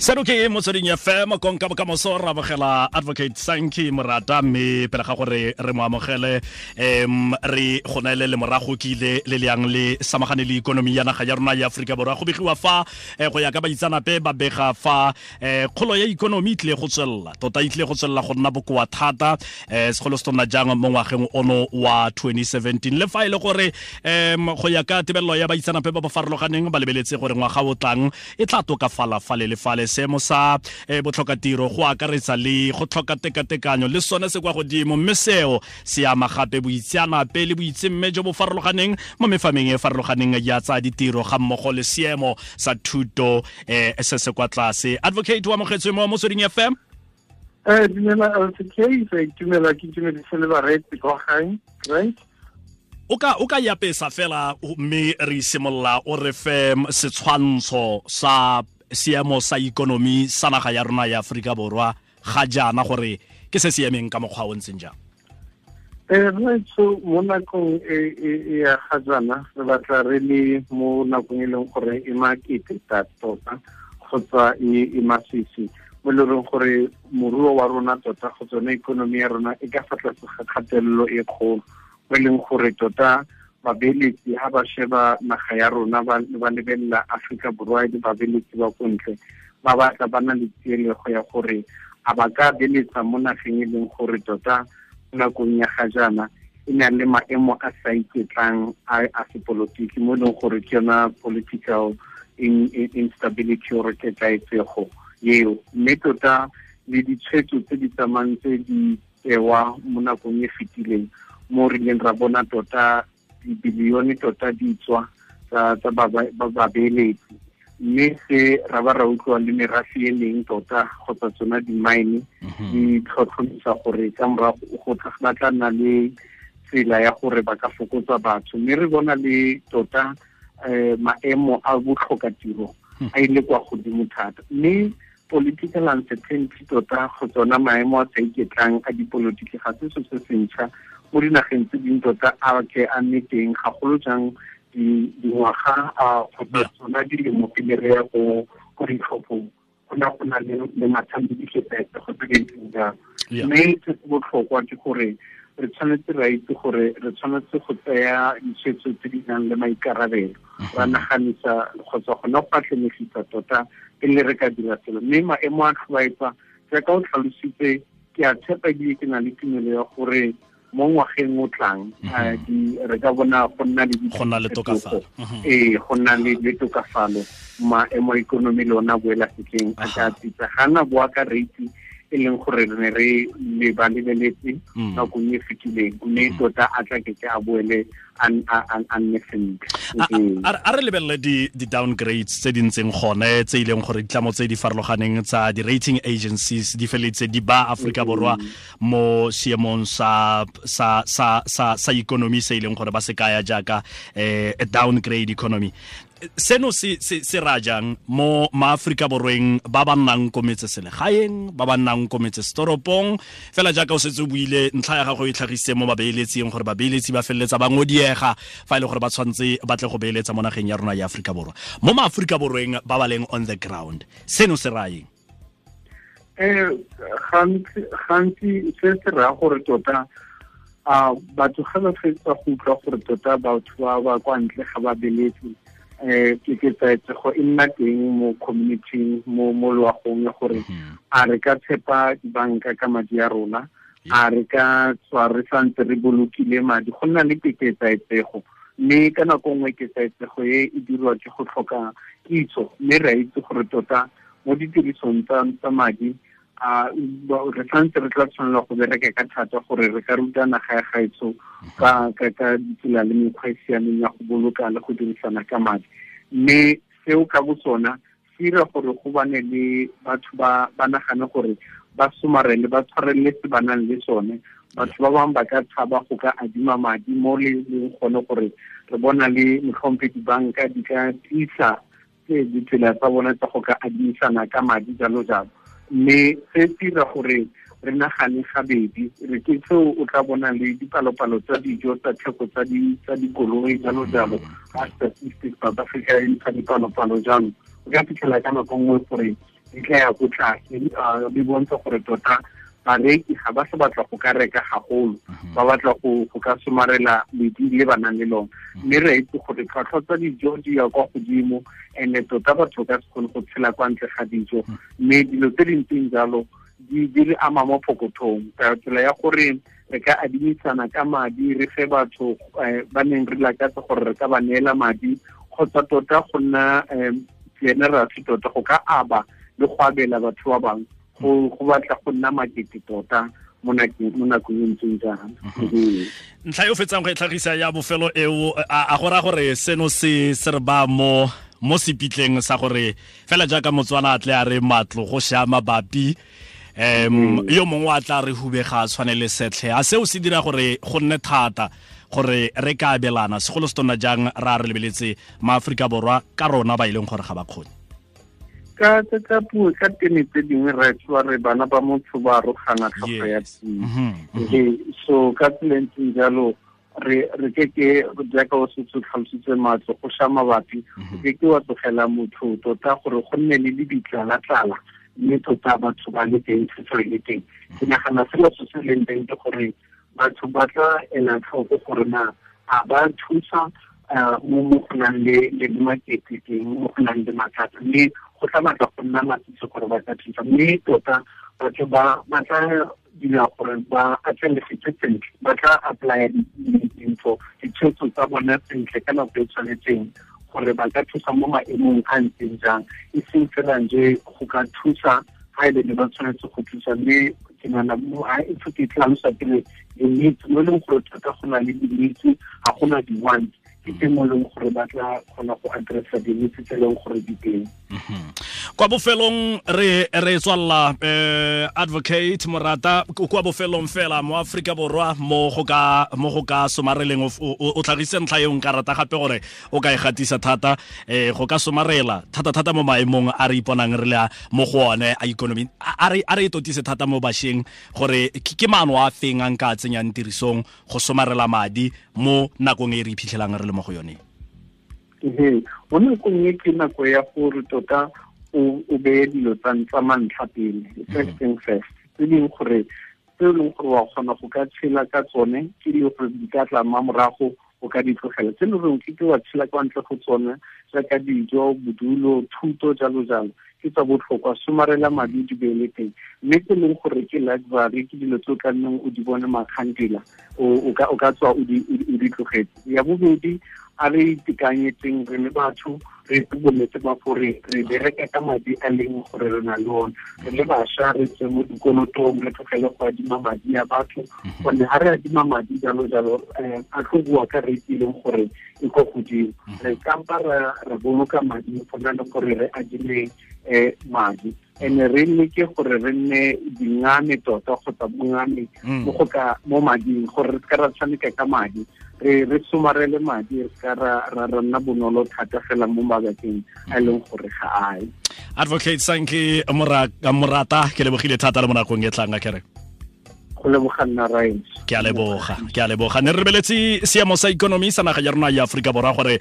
seno ke motsweding fm konka bokamoso ra bogela advocate sanki morata mme pele ga gore re mo amogele um re go na le morago ke ile le leang le samagane le ikonomi ya naga ya rona ya aforika borwa go begiwa fa eh, go ya ka baitsanape ba bega fa eh, kgolo ya ikonomi e tlile go tswelela tota itlile e go tswelela go nna bokoa thata um segolo se tona jang mo ngwageng ono wa 2017 le fa e le gore um go ya ka tebelelo ya baitsanape ba ba farologaneng ba lebeletse gore ngwaga o tlang e tla tokafala fale le fale seemo sa eh, botlhokatiro go akaretsa le go tlhoka tekatekanyo le sone se kwa godimo mme seo se ama gape boitseanape le boitsemme jo bo farologaneng mo mefameng e, e farologaneng ya tsa ditiro ga mmogo le seemo sa thuto um se se kwa tlase advocate wa amogetswe mo motsweding fm eh, dumela ke right o ka o ka yapesa fela mme re simolola o re fe setshwantsho sa seemo sa ikonomi sa naga ya rona ya Aforika Borwa ga jaana gore ke se siameng ka mokgwa o ntseng jang eh, so mo nakong e, e, e ya ga jaana re batla re le mo nakong e leng gore e makete tota kgotsa e, e masisi mo le reng gore moruo wa rona tota go tsone ikonomi ya rona e ka fa tlase ga kgatelelo e kgolo mo e leng gore tota babeletsi ha ba sheba naga ya rona ba lebelela aforika borwa le babeletsi ba kontle ba batla ba na le tsielego ya gore a ba ka beletsa mo nageng e leng gore tota mo nakong ya ga jaana e na le maemo a sa iketlang a sepolotiki mo e leng gore ke yona political instability ore ketlaetsego eo mme tota le ditshwetso tse di tsamayng tse di tsewa mo nakong e fetileng mo rileng ra bona tota dibilione tota di tswa tsa babeeletsi mme se ra ba ra utlwa le merafi e leng tota kgotsa tsona di-mine mhm. di tlhotlhomisa gore ka morago go ba tla nna le tsela ya gore ba ka fokotsa batho mme re bona le tota eh, maemo a botlhokatiro hmm. a ile e kwa godimo thata mme political uncertainty tota go tsona maemo a sa iketlang a dipolotiki ga se se se sentšha mo dinageng tse dingwe tota a ke a nne teng ga jang dingwaga a kgotsa tsona dilemo pele re ya go ditlhophong go na go na le mathamodisetete go tse kentseng jang mme se se botlhokwa ke gore re tshwanetse ra itse gore re tshwanetse go tsaya ditshwetso tse di nang le maikarabelo mm-hmm. ra naganisa kgotsa gona go atlenegisa tota pele re ka dira selo mme maemo a tlhobaetsa jaaka o tlhalositse ke a tshepa ebile ke na le tumelo ya gore mo ngwageng o tlang mhm. re ka bona go nna le ditokafalo ee go nna le mhm. e, tokafalo maemo ikonomi le ona boela setleng a ka pitsa ga na bo rate e leng gore re ne re le ba lebeletse mm. nakong e fetileng mme mm. tota a tla ketse a boele a nne sentle a mm. re lebelele di-downgrades tse di ntseng gone tse e leng gore ditlamo tse di farologaneng tsa di-rating agencies di feleletse di ba aforika borwa mo seemong sa sa sa sa sa se e leng gore ba se kaya jaaka eh downgrade economy seno se se se rajang mo maaforika borweng ba ba nnang kometse selegaeng ba ba nnang ko metsesetoropong fela jaaka o setse o buile ntlha ya gago e tlhagisitse mo babeeletsing gore babeeletsi ba feleletsa ba ngodiega fa e le gore ba tshwanetse ba tle go beeletsa mo nageng ya rona ya aforika borwa mo maaforika borweng ba ba leng on the ground seno se rayeng eh, um gantsi se se raya gore tota a ah, batho ga ba fetsa go utlwa gore tota batho ba ba kwa ntle ga ba eh ke ke tsaetsego e nna teng mo community mo mo loagong ya gore mhm. a re ka tshepa dibanka ka madi a rona a re ka tswa re santse re bolokile madi go nna le teketsaetsego mme ka nako e nngwe ketsaetsego e e dirwa ke go tlhoka kitso mme re a itse gore tota mo ditirisong tsa madi a re tshwanetse re tla tshwanela go bereke ka thata gore re ka ruta naga ya gaetso ka ditsela le mekgwa e siameng ya go boloka le go dirisana ka madi mme seo ka bo sona se dira gore go bane le batho ba nagane gore ba somarele ba tshwarelele se ba nang le sone batho ba bangwe ba ka tshaba go ka adima madi mo le leng gone gore re bona le motlhompe dibanka di ka tisa eh, ditsela tsa bone tsa go ka adimisana ka madi jalo jalo mme se dira gore re nagane gabedi re ke seo o tla bona le dipalopalo tsa dijo tsa theko tsa dikoloi jalo jalo mm. a statistics south africa e ntsha dipalopalo jalo o ka fitlhela ka nako nngwe gore di tla ya ko tlase di ah, bontsha gore tota bareki ga ba sa batla go ka reka gagolo mhm. ba batla go ka somarela ledi le ba nang le lona mhm. mme re a itse gore tlhwatlhwa tsa dijo di ya kwa godimo and-e tota batho ka se kgone go tshela kwa ntle ga dijo mhm. mme dilo tse dintseng jalo di re ama mo phokothong ka tsela ya gore re ka adimisana ka madi re fe batho eh, ba neng re lakatsa gore re ka ba neela madi kgotsa tota go nna generous eh, tota go ka aba le go abela batho ba bangwe go batla go nna makete tota mo nakong e ntseng jana mhm. ntlha yo e fetsang go e tlhagisa ya bofelo eo a gora gore seno se se re ba mo mo sepitleng sa gore fela jaaka motswana a tle a re matlo go sha mabapi um yo mongwe a tla re hube ga tshwane le setlhe a seo se dira gore go nne thata gore re ka abelana segolo se tona jang ra re lebeletse ma maaforika borwa ka rona ba e leng gore ga ba kgone ka ka puo ka teme tse dingwe ra tswa re bana ba motho ba arogana tlhogo ya puo mm-hmm, mm-hmm. Ee, so ka tselentseng jalo re re ke ke jaaka o se tlhalositse matlo go sha mabapi mm-hmm. ke ke wa tlogela motho tota gore go nne le ditlala-tlala mme tota batho ba le teng tshwetso le teng ke nagana selo se se leng teng ke gore batho ba tla ela tlhoko gore na a ba thusa uh, mo mo go nang le makete teng mo go nang le mathata go tla batla go nna matsitse gore ba tla thusa mme tota batho ba ba tla dira gore ba atlelegetse sentle ba tla apply dintho ditshwetso tsa bona sentle ka nako e tshwanetseng gore ba ka thusa mo maemong a ntseng jang e seng fela je go ka thusa ga e le ba tshwanetse go thusa mme ke nana mo a e tlhoke tlhalosa pele di-needs mo e leng gore thata go na le di-needs ga gona di-wants ke teng mo e leng gore ba tla kgona go addressa di-needs tse e leng gore di teng Mhm. kwa bofelong re re tswalla eh advocate morata kwa bofelong fela mo Afrika borwa mo go ka mo go ka somareleng o tlhagise ntlha yo nka rata gape gore o ka e gatisa thata eh go ka somarela thata thata mo maemong a re iponang re le mo go one a economy a re a re e totise thata mo basheng gore ke maano a feng a nka tsenyang tirisong go somarela madi mo nakong e re iphitlhelang re le mo go yone ee mo nakong e ke nako ya gore tota o beye dilo tsa mantlha pele first thing first tse dingwe gore tse e leng gore wa kgona go ka tshela ka tsone ke dilo gore di ka tla morago o ka di tlogela tse e leng gore ke ke wa tshela kwa ntle go tsone jaaka dijo bodulo thuto jalo jalo ke tsa botlhokwa somarela madi di beele teng mme ke leng gore ke library ke dilo tse o ka nneng o di bone makgantela o ka tswa o di tlogetse ya bobedi a re itekanyetseng re le batho re tlhokometse ba gore re bereke ka madi a leng gore re na le one re le bašwa re tse mo dikolotong re tlogele go adima madi a batho gonne ga re adima madi jalo jalo a tlo bua ka re e leng gore e ko godimo re kampa re boloka madi go na le gore re adime um madi ene re ke gore re nne dingane tota kgotsa bongane mo go ka mo mading gore re ka ra ka madi re re somarele madi re ka ra ra nna bonolo thata fela mo mabakeng a e leng gore ga ae advocate sanke morata ke lebogile thata le mo nakong e tlang a kere go leboga nna ryan ke a leboga ke a leboga ne re rebeletse seemo sa ikonomi sa naga ya rona ya aforika borwa gore